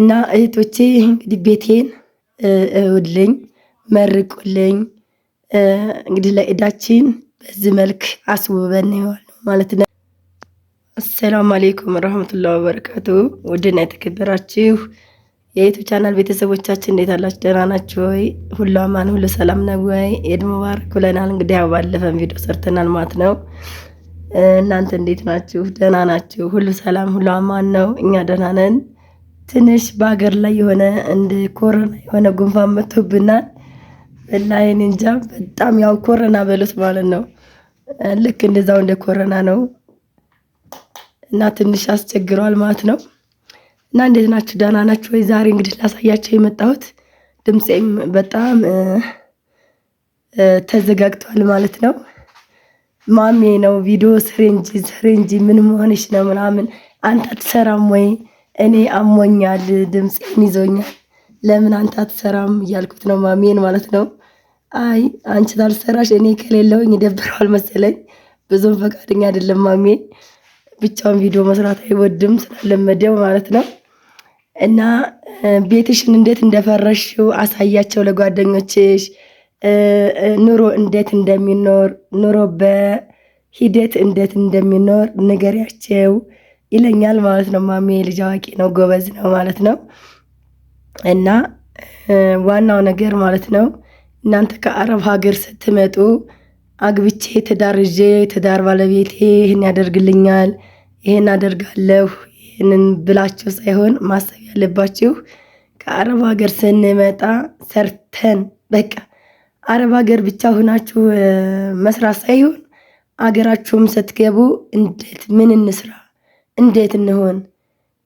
እና እህቶቼ እንግዲህ ቤቴን እውልኝ መርቁልኝ። እንግዲህ ለኢዳችን በዚህ መልክ አስውበን ይዋል ማለት ነው። አሰላሙ አሌይኩም ረህመቱላ ወበረካቱ። ውድና የተከበራችሁ የኢትዮ ቻናል ቤተሰቦቻችን እንዴት አላችሁ? ደህና ናችሁ ወይ? ሁሉ አማን፣ ሁሉ ሰላም ነው ወይ? ኢድ ሙባረክ ብለናል። እንግዲህ ያው ባለፈን ቪዲዮ ሰርተናል ማለት ነው። እናንተ እንዴት ናችሁ? ደህና ናችሁ? ሁሉ ሰላም፣ ሁሉ አማን ነው? እኛ ደህና ነን። ትንሽ በሀገር ላይ የሆነ እንደ ኮረና የሆነ ጉንፋን መጥቶብናል። በላይ እንጃ በጣም ያው ኮረና በሉት ማለት ነው። ልክ እንደዛው እንደ ኮረና ነው እና ትንሽ አስቸግረዋል ማለት ነው። እና እንዴት ናችሁ? ደህና ናችሁ ወይ? ዛሬ እንግዲህ ላሳያቸው የመጣሁት ድምፄም በጣም ተዘጋግቷል ማለት ነው። ማሜ ነው ቪዲዮ ስሬንጂ ስሬንጂ ምን መሆንሽ ነው ምናምን አንተ አትሰራም ወይ እኔ አሞኛል፣ ድምፄን ይዞኛል፣ ለምን አንተ አትሰራም እያልኩት ነው ማሜን ማለት ነው። አይ አንቺ ታልሰራሽ እኔ ከሌለውኝ ይደብረዋል መሰለኝ፣ ብዙም ፈቃደኛ አይደለም ማሜ። ብቻውን ቪዲዮ መስራት አይወድም ስላለመደው ማለት ነው። እና ቤትሽን እንዴት እንደፈረሽው አሳያቸው ለጓደኞችሽ ኑሮ እንዴት እንደሚኖር ኑሮ በሂደት እንዴት እንደሚኖር ንገሪያቸው። ይለኛል ማለት ነው። ማሜ ልጅ አዋቂ ነው፣ ጎበዝ ነው ማለት ነው። እና ዋናው ነገር ማለት ነው እናንተ ከአረብ ሀገር ስትመጡ አግብቼ ትዳር ይዤ ትዳር ባለቤቴ ይህን ያደርግልኛል፣ ይህን አደርጋለሁ፣ ይህንን ብላችሁ ሳይሆን ማሰብ ያለባችሁ ከአረብ ሀገር ስንመጣ ሰርተን በቃ አረብ ሀገር ብቻ ሆናችሁ መስራት ሳይሆን አገራችሁም ስትገቡ እንዴት ምን እንስራ እንዴት እንሆን?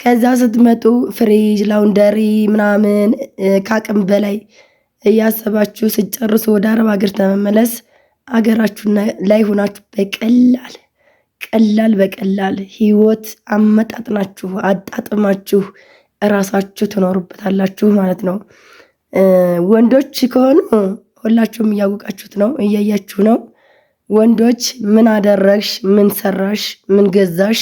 ከዛ ስትመጡ ፍሪጅ፣ ላውንደሪ ምናምን ከአቅም በላይ እያሰባችሁ ስጨርሱ ወደ አረብ ሀገር ተመመለስ አገራችሁ ላይ ሆናችሁ በቀላል ቀላል በቀላል ህይወት አመጣጥናችሁ አጣጥማችሁ እራሳችሁ ትኖሩበታላችሁ ማለት ነው። ወንዶች ከሆኑ ሁላችሁም እያወቃችሁት ነው፣ እያያችሁ ነው። ወንዶች ምን አደረግሽ፣ ምን ሰራሽ፣ ምን ገዛሽ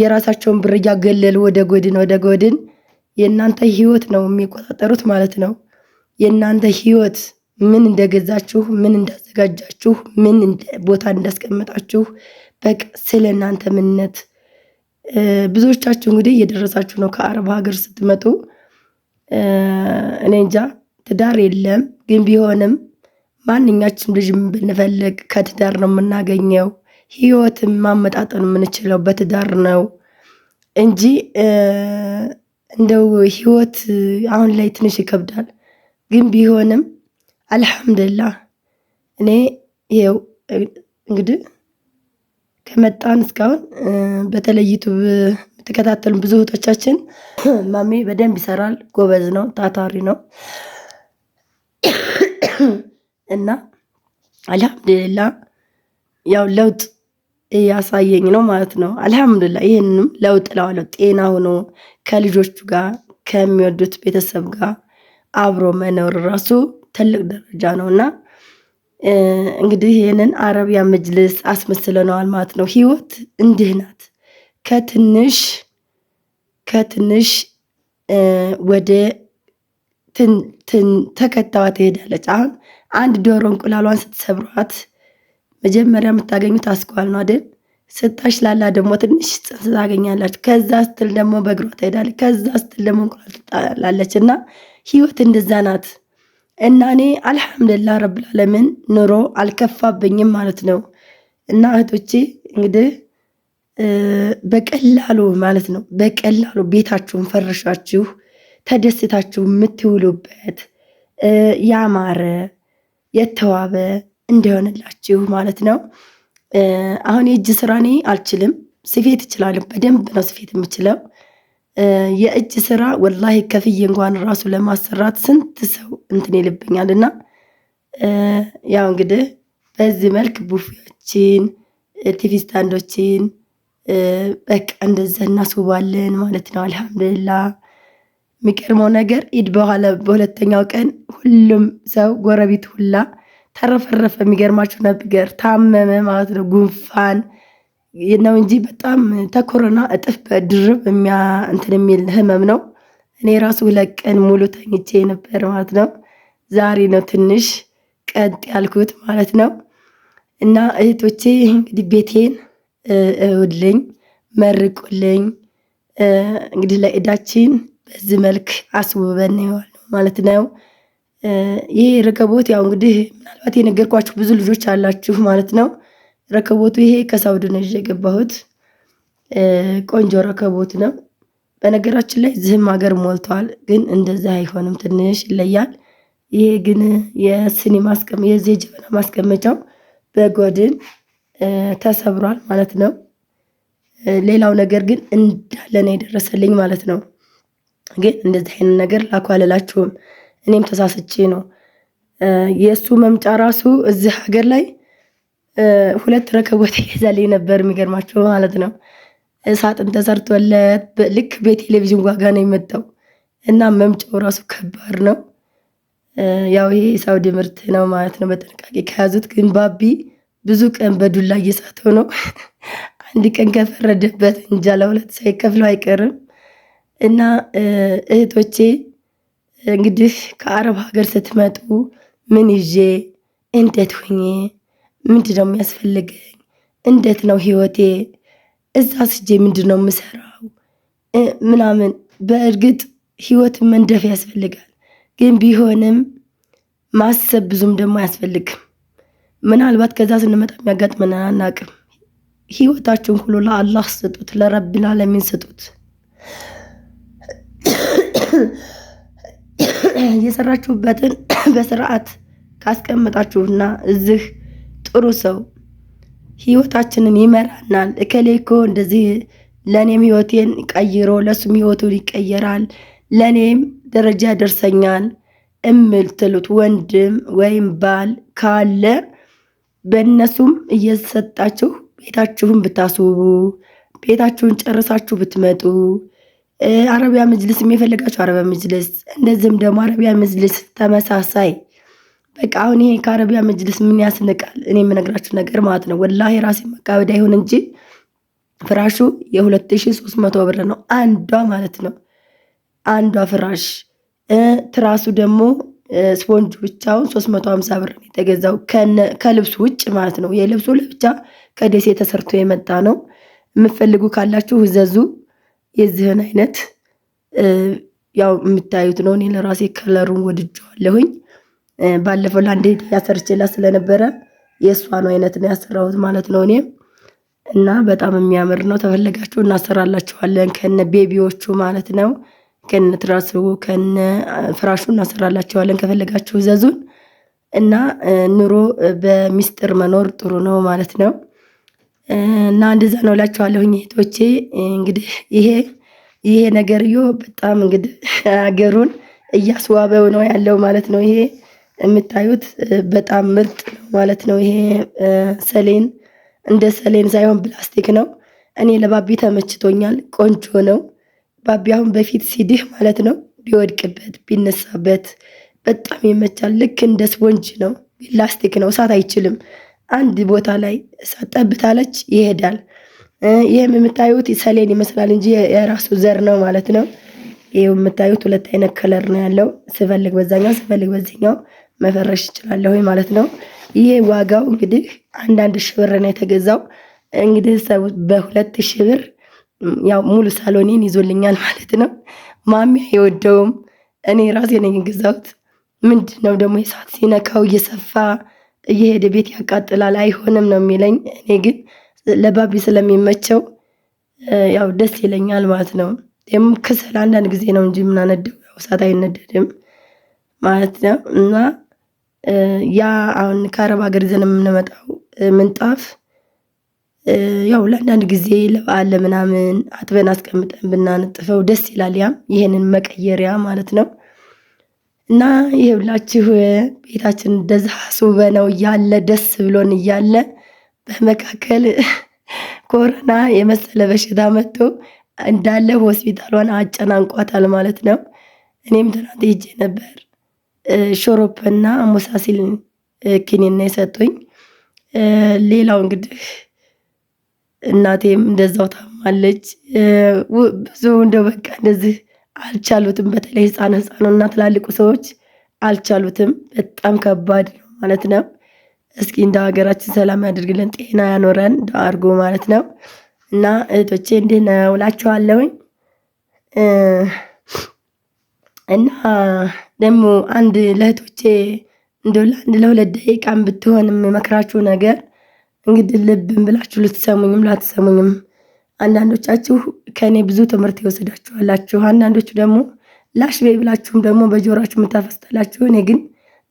የራሳቸውን ብር እያገለሉ ወደ ጎድን ወደ ጎድን የእናንተ ህይወት ነው የሚቆጣጠሩት ማለት ነው። የእናንተ ህይወት ምን እንደገዛችሁ፣ ምን እንዳዘጋጃችሁ፣ ምን ቦታ እንዳስቀመጣችሁ በቅ ስለ እናንተ ምንነት ብዙዎቻችሁ እንግዲህ እየደረሳችሁ ነው። ከአረብ ሀገር ስትመጡ እኔ እንጃ ትዳር የለም ግን ቢሆንም ማንኛችንም ልጅ ብንፈልግ ከትዳር ነው የምናገኘው። ህይወትን ማመጣጠን የምንችለው በትዳር ነው እንጂ እንደው ህይወት አሁን ላይ ትንሽ ይከብዳል። ግን ቢሆንም አልሐምድላህ እኔ ይኸው እንግዲህ ከመጣን እስካሁን በተለይቱ የምትከታተሉ ብዙ እህቶቻችን ማሜ በደንብ ይሰራል፣ ጎበዝ ነው፣ ታታሪ ነው እና አልሐምድሊላህ ያው ለውጥ እያሳየኝ ነው ማለት ነው። አልሐምዱላ ይህንም ለውጥ ለዋለው ጤና ሆኖ ከልጆቹ ጋር ከሚወዱት ቤተሰብ ጋር አብሮ መኖር ራሱ ትልቅ ደረጃ ነው እና እንግዲህ ይህንን አረቢያ መጅልስ አስመስለነዋል ማለት ነው። ህይወት እንዲህ ናት። ከትንሽ ከትንሽ ወደ ተከታዋ ትሄዳለች። አሁን አንድ ዶሮ እንቁላሏን ስትሰብሯት መጀመሪያ የምታገኙት አስኳል ነው አይደል? ስታሽ ላላ ደግሞ ትንሽ ጽንስ ታገኛላችሁ። ከዛ ስትል ደግሞ በእግሯ ትሄዳለች። ከዛ ስትል ደግሞ እንቁላል ትጣላለች። እና ህይወት እንደዛ ናት። እና እኔ አልሐምድላ ረብላለምን ኑሮ አልከፋብኝም ማለት ነው። እና እህቶቼ እንግዲህ በቀላሉ ማለት ነው በቀላሉ ቤታችሁን ፈርሻችሁ ተደስታችሁ የምትውሉበት ያማረ የተዋበ እንዲሆንላችሁ ማለት ነው። አሁን የእጅ ስራ እኔ አልችልም፣ ስፌት እችላለሁ። በደንብ ነው ስፌት የምችለው። የእጅ ስራ ወላሂ ከፍዬ እንኳን ራሱ ለማሰራት ስንት ሰው እንትን ይልብኛል እና ያው እንግዲህ በዚህ መልክ ቡፌዎችን፣ ቲቪ ስታንዶችን በቃ እንደዛ እናስውባለን ማለት ነው። አልሐምዱሊላ። የሚገርመው ነገር ኢድ በኋላ በሁለተኛው ቀን ሁሉም ሰው ጎረቤት ሁላ ተረፈረፈ። የሚገርማቸው ነገር ታመመ ማለት ነው። ጉንፋን ነው እንጂ በጣም ተኮረና እጥፍ በድርብ እንትን የሚል ህመም ነው። እኔ ራሱ ሁለት ቀን ሙሉ ተኝቼ ነበር ማለት ነው። ዛሬ ነው ትንሽ ቀጥ ያልኩት ማለት ነው። እና እህቶቼ እንግዲህ ቤቴን እውልኝ መርቁልኝ። እንግዲህ ለእዳችን በዚህ መልክ አስውበን ይዋል ማለት ነው። ይህ ረከቦት ያው እንግዲህ ምናልባት የነገርኳችሁ ብዙ ልጆች አላችሁ ማለት ነው። ረከቦቱ ይሄ ከሳውዲ ነው ይዤ የገባሁት። ቆንጆ ረከቦት ነው። በነገራችን ላይ እዚህም ሀገር ሞልተዋል፣ ግን እንደዚህ አይሆንም፣ ትንሽ ይለያል። ይሄ ግን የስኒ ማስቀመ የዚህ ጀበና ማስቀመጫው በጎድን ተሰብሯል ማለት ነው። ሌላው ነገር ግን እንዳለ ነው የደረሰልኝ ማለት ነው። ግን እንደዚህ አይነት ነገር ላኳልላችሁም እኔም ተሳስቼ ነው። የእሱ መምጫ ራሱ እዚህ ሀገር ላይ ሁለት ረከቦት ይዛል ነበር። የሚገርማቸው ማለት ነው። ሳጥን ተሰርቶለት ልክ በቴሌቪዥን ዋጋ ነው የመጣው እና መምጫው ራሱ ከባድ ነው። ያው ይሄ የሳውዲ ምርት ነው ማለት ነው። በጥንቃቄ ከያዙት ግን ባቢ ብዙ ቀን በዱላ እየሳተው ነው። አንድ ቀን ከፈረደበት እንጃ ለሁለት ሳይከፍለው አይቀርም እና እህቶቼ እንግዲህ ከአረብ ሀገር ስትመጡ ምን ይዤ እንዴት ሆኜ ምንድን ነው የሚያስፈልገኝ? እንዴት ነው ህይወቴ? እዛ ስጄ ምንድን ነው የምሰራው? ምናምን በእርግጥ ህይወት መንደፍ ያስፈልጋል። ግን ቢሆንም ማሰብ ብዙም ደግሞ አያስፈልግም። ምናልባት ከዛ ስንመጣ የሚያጋጥመን አናቅም። ህይወታችን ሁሉ ለአላህ ስጡት፣ ለረብል ዓለሚን ስጡት። የሰራችሁበትን በስርዓት ካስቀመጣችሁና እዚህ ጥሩ ሰው ህይወታችንን ይመራናል። እከሌ እኮ እንደዚህ ለእኔም ህይወቴን ቀይሮ ለእሱም ህይወቱን ይቀየራል፣ ለእኔም ደረጃ ደርሰኛል እምትሉት ወንድም ወይም ባል ካለ በእነሱም እየሰጣችሁ ቤታችሁን ብታስውቡ ቤታችሁን ጨርሳችሁ ብትመጡ አረቢያ መጅልስ የሚፈልጋቸው አረቢያ መጅልስ፣ እንደዚህም ደግሞ አረቢያ መጅልስ ተመሳሳይ በቃ አሁን ይሄ ከአረቢያ መጅልስ ምን ያስንቃል? እኔ የምነግራችሁ ነገር ማለት ነው። ወላሂ ራሴ መቃበድ አይሆን እንጂ ፍራሹ የ2300 ብር ነው አንዷ ማለት ነው። አንዷ ፍራሽ ትራሱ ደግሞ ስፖንጅ ብቻውን 350 ብር ነው የተገዛው ከልብሱ ውጭ ማለት ነው። የልብሱ ለብቻ ከደሴ ተሰርቶ የመጣ ነው። የምትፈልጉ ካላችሁ ዘዙ። የዚህን አይነት ያው የምታዩት ነው። እኔ ለራሴ ከለሩን ወድጀዋለሁኝ። ባለፈው ለአንድ ያሰርችላ ስለነበረ የእሷን አይነት ነው ያሰራሁት ማለት ነው እኔ እና በጣም የሚያምር ነው። ተፈለጋችሁ እናሰራላችኋለን ከነ ቤቢዎቹ ማለት ነው ከነ ትራሱ ከነ ፍራሹ እናሰራላችኋለን። ከፈለጋችሁ ዘዙን እና ኑሮ በሚስጥር መኖር ጥሩ ነው ማለት ነው። እና እንደዛ ነው እላቸዋለሁኝ እህቶቼ። እንግዲህ ይሄ ይሄ ነገርዮ በጣም እንግዲህ ሀገሩን እያስዋበው ነው ያለው ማለት ነው። ይሄ የምታዩት በጣም ምርጥ ነው ማለት ነው። ይሄ ሰሌን እንደ ሰሌን ሳይሆን ፕላስቲክ ነው። እኔ ለባቢ ተመችቶኛል። ቆንጆ ነው። ባቢ አሁን በፊት ሲድህ ማለት ነው ቢወድቅበት ቢነሳበት በጣም ይመቻል። ልክ እንደ ስፖንጅ ነው። ፕላስቲክ ነው። እሳት አይችልም። አንድ ቦታ ላይ እሳት ጠብታለች ይሄዳል። ይህም የምታዩት ሰሌን ይመስላል እንጂ የራሱ ዘር ነው ማለት ነው። ይኸው የምታዩት ሁለት አይነት ከለር ነው ያለው። ስፈልግ በዛኛው ስፈልግ በዚኛው መፈረሽ ይችላለሁ ማለት ነው። ይሄ ዋጋው እንግዲህ አንዳንድ ሺህ ብር ነው የተገዛው። እንግዲህ ሰው በሁለት ሺህ ብር ያው ሙሉ ሳሎኔን ይዞልኛል ማለት ነው። ማሚ አይወደውም። እኔ ራሴ ነኝ የገዛሁት። ምንድን ነው ደግሞ ሲነካው እየሰፋ እየሄደ ቤት ያቃጥላል አይሆንም ነው የሚለኝ። እኔ ግን ለባቢ ስለሚመቸው ያው ደስ ይለኛል ማለት ነው። ደግሞ ክሰል አንዳንድ ጊዜ ነው እንጂ ምናነድም እሳት አይነደድም ማለት ነው። እና ያ አሁን ከአረብ ሀገር ይዘን የምንመጣው ምንጣፍ ያው ለአንዳንድ ጊዜ ለበዓል ለምናምን አጥበን አስቀምጠን ብናነጥፈው ደስ ይላል። ያም ይሄንን መቀየሪያ ማለት ነው። እና የብላችሁ ቤታችን እንደዛ ነው እያለ ደስ ብሎን እያለ በመካከል ኮሮና የመሰለ በሽታ መጥቶ እንዳለ ሆስፒታሏን አጨናንቋታል ማለት ነው። እኔም ትናንት ሄጄ ነበር። ሾሮፕና አሞሳሲል ኪኒና የሰጡኝ። ሌላው እንግዲህ እናቴም እንደዛው ታማለች። ብዙ እንደው በቃ እንደዚህ አልቻሉትም። በተለይ ህፃን ህፃኑና ትላልቁ ሰዎች አልቻሉትም። በጣም ከባድ ነው ማለት ነው። እስኪ እንደ ሀገራችን ሰላም ያደርግልን፣ ጤና ያኖረን አድርጎ ማለት ነው። እና እህቶቼ እንዲህ ነው እላችኋለሁኝ። እና ደግሞ አንድ ለእህቶቼ እንደው ለአንድ ለሁለት ደቂቃም ብትሆንም መክራችሁ ነገር እንግዲህ ልብን ብላችሁ ልትሰሙኝም ላትሰሙኝም አንዳንዶቻችሁ ከእኔ ብዙ ትምህርት የወሰዳችኋላችሁ፣ አንዳንዶቹ ደግሞ ላሽ በይ ብላችሁም ደግሞ በጆሮች የምታፈስታላችሁ። እኔ ግን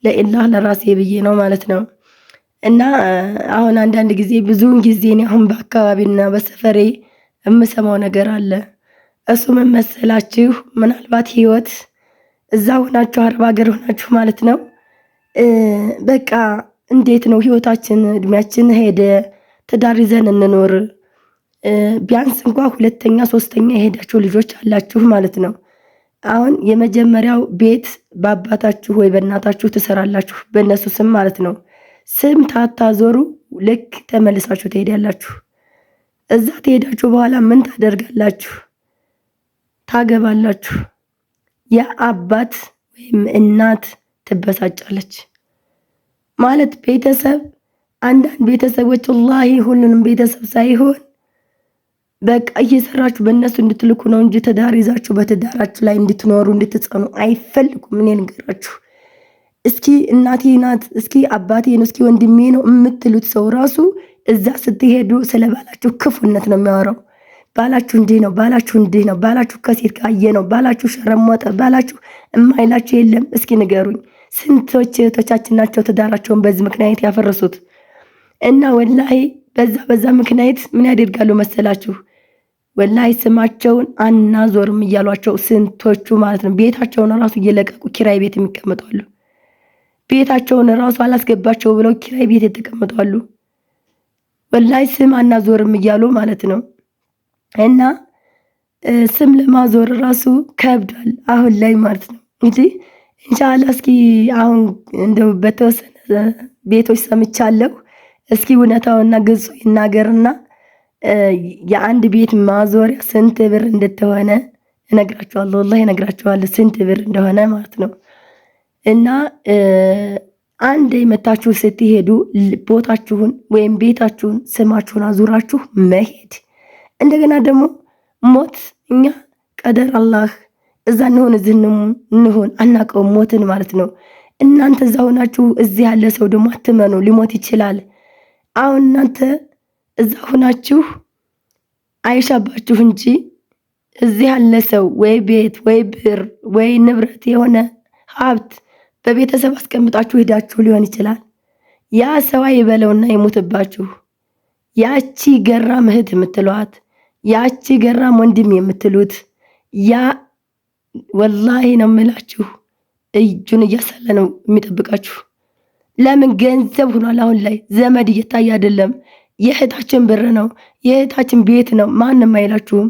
ለኢላህ ለራሴ ብዬ ነው ማለት ነው። እና አሁን አንዳንድ ጊዜ ብዙውን ጊዜ እኔ አሁን በአካባቢና በሰፈሬ የምሰማው ነገር አለ። እሱ ምን መሰላችሁ? ምናልባት ህይወት እዛ ሆናችሁ አረብ ሀገር ሆናችሁ ማለት ነው በቃ እንዴት ነው ህይወታችን እድሜያችን ሄደ፣ ትዳር ይዘን እንኖር ቢያንስ እንኳ ሁለተኛ ሶስተኛ የሄዳችሁ ልጆች አላችሁ ማለት ነው። አሁን የመጀመሪያው ቤት በአባታችሁ ወይ በእናታችሁ ትሰራላችሁ፣ በእነሱ ስም ማለት ነው። ስም ታታዞሩ ልክ ተመልሳችሁ ትሄዳላችሁ። እዛ ትሄዳችሁ በኋላ ምን ታደርጋላችሁ? ታገባላችሁ። የአባት ወይም እናት ትበሳጫለች ማለት ቤተሰብ አንዳንድ ቤተሰቦች ወላሂ ሁሉንም ቤተሰብ ሳይሆን በቃ እየሰራችሁ በእነሱ እንድትልኩ ነው እንጂ ትዳር ይዛችሁ በትዳራችሁ ላይ እንድትኖሩ እንድትጸኑ አይፈልጉም። እኔ ልንገራችሁ፣ እስኪ እናቴ ናት፣ እስኪ አባቴ ነው፣ እስኪ ወንድሜ ነው የምትሉት ሰው ራሱ እዛ ስትሄዱ ስለ ባላችሁ ክፉነት ነው የሚያወራው። ባላችሁ እንዲህ ነው፣ ባላችሁ እንዲህ ነው፣ ባላችሁ ከሴት ካየ ነው፣ ባላችሁ ሸረሞጠ፣ ባላችሁ የማይላችሁ የለም። እስኪ ንገሩኝ፣ ስንቶች እህቶቻችን ናቸው ትዳራቸውን በዚህ ምክንያት ያፈረሱት? እና ወላሂ በዛ በዛ ምክንያት ምን ያደርጋሉ መሰላችሁ ወላይ ስማቸውን አናዞርም እያሏቸው ስንቶቹ ማለት ነው። ቤታቸውን ራሱ እየለቀቁ ኪራይ ቤት የሚቀመጧሉ። ቤታቸውን ራሱ አላስገባቸው ብለው ኪራይ ቤት የተቀመጣሉ። ወላይ ስም አናዞርም እያሉ ማለት ነው እና ስም ለማዞር ራሱ ከብዷል አሁን ላይ ማለት ነው። እንግዲህ እንሻላ እስኪ አሁን እንደው በተወሰነ ቤቶች ሰምቻለሁ። እስኪ እውነታውና ግልጹ ይናገርና የአንድ ቤት ማዞሪያ ስንት ብር እንደተሆነ እነግራችኋለሁ። ወላሂ እነግራችኋለሁ ስንት ብር እንደሆነ ማለት ነው። እና አንድ መታችሁ ስትሄዱ ቦታችሁን ወይም ቤታችሁን ስማችሁን አዙራችሁ መሄድ። እንደገና ደግሞ ሞት እኛ ቀደር አላህ እዛ እንሆን እዚህ እንሆን አናውቀውም፣ ሞትን ማለት ነው። እናንተ እዛ ሆናችሁ እዚህ ያለ ሰው ደግሞ አትመኑ፣ ሊሞት ይችላል። አሁን እናንተ እዛ ሁናችሁ አይሻባችሁ እንጂ እዚህ ያለ ሰው ወይ ቤት ወይ ብር ወይ ንብረት የሆነ ሀብት በቤተሰብ አስቀምጣችሁ ሄዳችሁ ሊሆን ይችላል። ያ ሰው ይበለውና ይሞትባችሁ። ያቺ ገራም እህት የምትሏት ያቺ ገራም ወንድም የምትሉት ያ ወላሂ ነው የምላችሁ፣ እጁን እያሳለ ነው የሚጠብቃችሁ። ለምን ገንዘብ ሆኗል። አሁን ላይ ዘመድ እየታየ አይደለም። የእህታችን ብር ነው፣ የእህታችን ቤት ነው። ማንም አይላችሁም።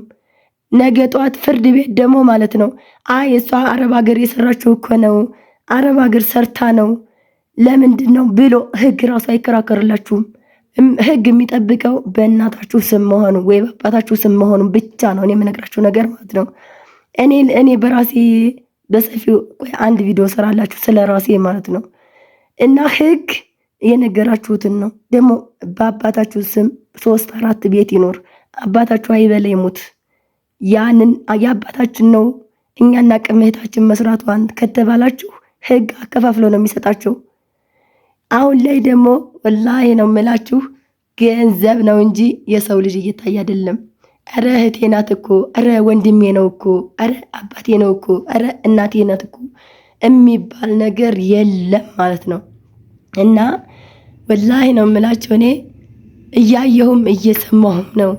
ነገ ጠዋት ፍርድ ቤት ደግሞ ማለት ነው። አይ እሷ አረብ ሀገር የሰራችው እኮ ነው፣ አረብ ሀገር ሰርታ ነው፣ ለምንድን ነው ብሎ ህግ ራሱ አይከራከርላችሁም። ህግ የሚጠብቀው በእናታችሁ ስም መሆኑ ወይ በአባታችሁ ስም መሆኑ ብቻ ነው። እኔ የምነግራችሁ ነገር ማለት ነው። እኔ እኔ በራሴ በሰፊው አንድ ቪዲዮ ሰራላችሁ ስለ ራሴ ማለት ነው እና ህግ የነገራችሁትን ነው። ደግሞ በአባታችሁ ስም ሶስት አራት ቤት ይኖር፣ አባታችሁ አይበላ ይሙት። ያንን የአባታችን ነው እኛና ቅምህታችን መስራቷን ከተባላችሁ ህግ አከፋፍሎ ነው የሚሰጣችው። አሁን ላይ ደግሞ ወላሂ ነው የምላችሁ ገንዘብ ነው እንጂ የሰው ልጅ እየታየ አይደለም። እረ እህቴ ናት እኮ፣ እረ ወንድሜ ነው እኮ፣ አረ አባቴ ነው እኮ፣ ረ እናቴ ናት እኮ የሚባል ነገር የለም ማለት ነው እና ወላሂ ነው የምላቸው። እኔ እያየሁም እየሰማሁም ነው።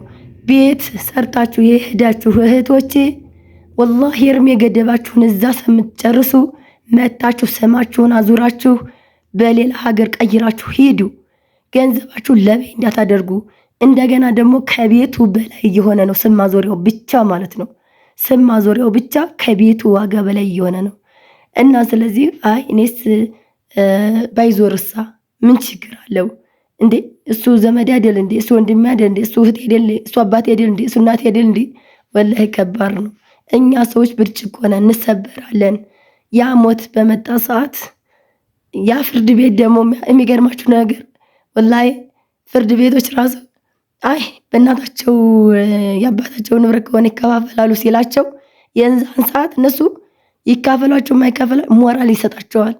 ቤት ሰርታችሁ የሄዳችሁ እህቶቼ ወላሂ የእርሜ ገደባችሁን እዛ ስምትጨርሱ መታችሁ ስማችሁን አዙራችሁ በሌላ ሀገር ቀይራችሁ ሂዱ። ገንዘባችሁን ለቤት እንዳታደርጉ። እንደገና ደግሞ ከቤቱ በላይ እየሆነ ነው ስም ማዞሪያው ብቻ ማለት ነው። ስም ማዞሪያው ብቻ ከቤቱ ዋጋ በላይ እየሆነ ነው እና ስለዚህ አይ እኔስ ባይዞርሳ ምን ችግር አለው እንዴ? እሱ ዘመድ አይደል እንዴ? እሱ ወንድሜ አይደል እንዴ? እሱ እህቴ አይደል እሱ አባት አይደል እንዴ? እሱ እናት አይደል እንዴ? ወላሂ ከባድ ነው። እኛ ሰዎች ብርጭቆ ነን፣ እንሰበራለን። ያ ሞት በመጣ ሰዓት ያ ፍርድ ቤት ደግሞ የሚገርማችሁ ነገር ወላሂ ፍርድ ቤቶች ራሱ አይ በእናታቸው የአባታቸው ንብረት ከሆነ ይከፋፈላሉ ሲላቸው የእንዛን ሰዓት እነሱ ይካፈሏቸው ማይካፈላ ሞራል ይሰጣቸዋል።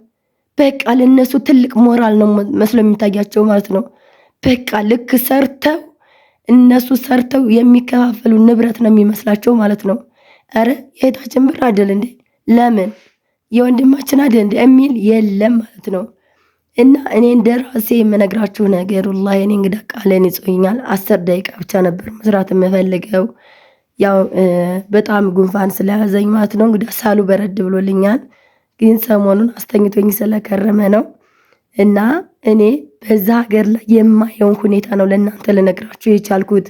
በቃ ለእነሱ ትልቅ ሞራል ነው መስሎ የሚታያቸው ማለት ነው። በቃ ልክ ሰርተው እነሱ ሰርተው የሚከፋፈሉ ንብረት ነው የሚመስላቸው ማለት ነው። ኧረ የእህታችን ብር አይደል እንዴ? ለምን የወንድማችን አይደል እንዴ የሚል የለም ማለት ነው። እና እኔ እንደ ራሴ የምነግራችሁ ነገር ላ እኔ እንግዳ ቃለን ይጽኛል አስር ደቂቃ ብቻ ነበር መስራት የምፈልገው ያው በጣም ጉንፋን ስለያዘኝ ማለት ነው። እንግዲህ ሳሉ በረድ ብሎልኛል። ግን ሰሞኑን አስተኝቶኝ ስለከረመ ነው እና እኔ በዛ ሀገር ላይ የማየውን ሁኔታ ነው ለእናንተ ልነግራችሁ የቻልኩት።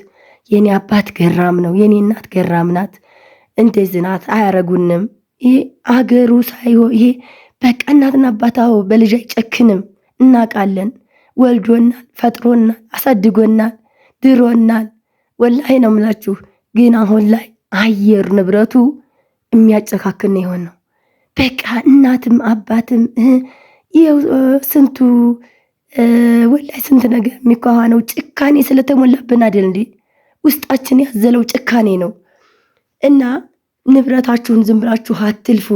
የኔ አባት ገራም ነው፣ የኔ እናት ገራም ናት። እንደዚህ ናት፣ አያረጉንም። ይሄ አገሩ ሳይሆን ይሄ በቃ እናትና አባታው በልጅ አይጨክንም። እናቃለን። ወልዶናል፣ ፈጥሮናል፣ አሳድጎናል፣ ድሮናል። ወላሂ ነው የምላችሁ። ግን አሁን ላይ አየር ንብረቱ የሚያጨካክን ነው የሆነው። በቃ እናትም አባትም ይኸው ስንቱ ወላይ ስንት ነገር ነው። ጭካኔ ስለተሞላብን አይደል እንዴ? ውስጣችን ያዘለው ጭካኔ ነው። እና ንብረታችሁን ዝም ብላችሁ አትልፉ።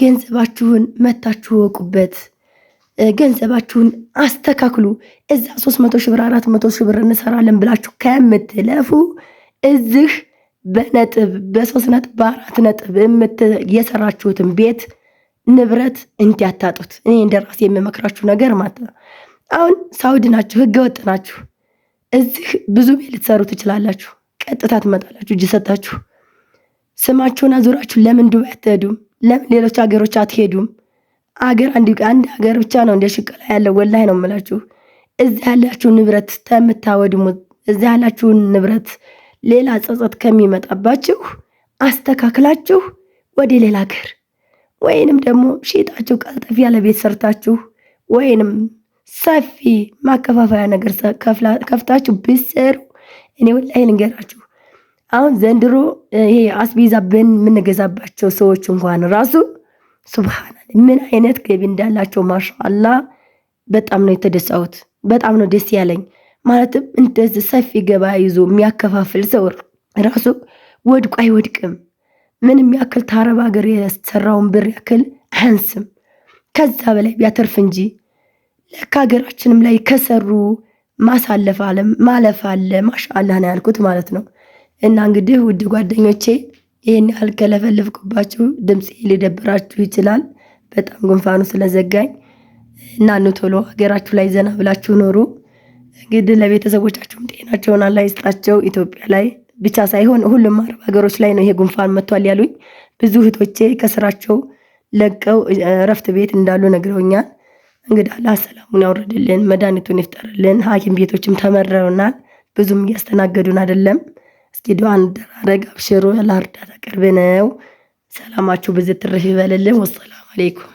ገንዘባችሁን መታችሁ ወቁበት። ገንዘባችሁን አስተካክሉ። እዛ ሶስት መቶ ሺህ ብር አራት መቶ ሺህ ብር እንሰራለን ብላችሁ ከምትለፉ እዚህ በነጥብ በሶስት ነጥብ በአራት ነጥብ የሰራችሁትን ቤት ንብረት እንዲያታጡት እኔ እንደ ራሴ የምመክራችሁ ነገር ማለት ነው። አሁን ሳውድ ናችሁ፣ ህገ ወጥ ናችሁ። እዚህ ብዙ ቤት ልትሰሩ ትችላላችሁ። ቀጥታ ትመጣላችሁ እጅ ሰጣችሁ ስማችሁን አዙራችሁ። ለምን ዱባይ አትሄዱም? ለምን ሌሎች ሀገሮች አትሄዱም? አገር አንድ ሀገር ብቻ ነው እንደ ሽቀላ ያለው። ወላይ ነው የምላችሁ። እዚህ ያላችሁ ንብረት ተምታወድሙት፣ እዚህ ያላችሁን ንብረት ሌላ ጸጸት ከሚመጣባችሁ አስተካክላችሁ ወደ ሌላ ገር ወይንም ደግሞ ሽጣችሁ ቀልጠፍ ያለ ቤት ሰርታችሁ ወይንም ሰፊ ማከፋፈያ ነገር ከፍታችሁ ብሰሩ እኔ ወላሂ ልንገራችሁ፣ አሁን ዘንድሮ ይሄ አስቤዛ ብን የምንገዛባቸው ሰዎች እንኳን ራሱ ሱብሃና ምን አይነት ገቢ እንዳላቸው ማሻአላ፣ በጣም ነው የተደሳሁት። በጣም ነው ደስ ያለኝ። ማለትም እንደዚህ ሰፊ ገበያ ይዞ የሚያከፋፍል ሰው ራሱ ወድቆ አይወድቅም። ምንም ያክል ታረብ ሀገር የሰራውን ብር ያክል አያንስም፣ ከዛ በላይ ቢያተርፍ እንጂ ለካ ሀገራችንም ላይ ከሰሩ ማሳለፍ አለ ማለፍ አለ። ማሻአላ ነው ያልኩት ማለት ነው። እና እንግዲህ ውድ ጓደኞቼ ይህን ያህል ከለፈለፍኩባችሁ ድምፅ ሊደብራችሁ ይችላል። በጣም ጉንፋኑ ስለዘጋኝ እና ኑ ቶሎ ሀገራችሁ ላይ ዘና ብላችሁ ኖሩ። እንግዲህ ለቤተሰቦቻችሁም ጤናቸውን አላህ ይስጣቸው። ኢትዮጵያ ላይ ብቻ ሳይሆን ሁሉም አረብ ሀገሮች ላይ ነው ይሄ ጉንፋን መጥቷል ያሉኝ ብዙ እህቶቼ ከስራቸው ለቀው እረፍት ቤት እንዳሉ ነግረውኛል። እንግዲህ አላህ ሰላሙን ያውርድልን፣ መድኃኒቱን ይፍጠርልን። ሐኪም ቤቶችም ተመረውናል፣ ብዙም እያስተናገዱን አይደለም። እስኪ ዱዓ እንደራረግ፣ አብሽሮ ያለ እርዳታ ቅርብ ነው። ሰላማችሁ ብዝት ትርፍ ይበልልን። ወሰላም አሌይኩም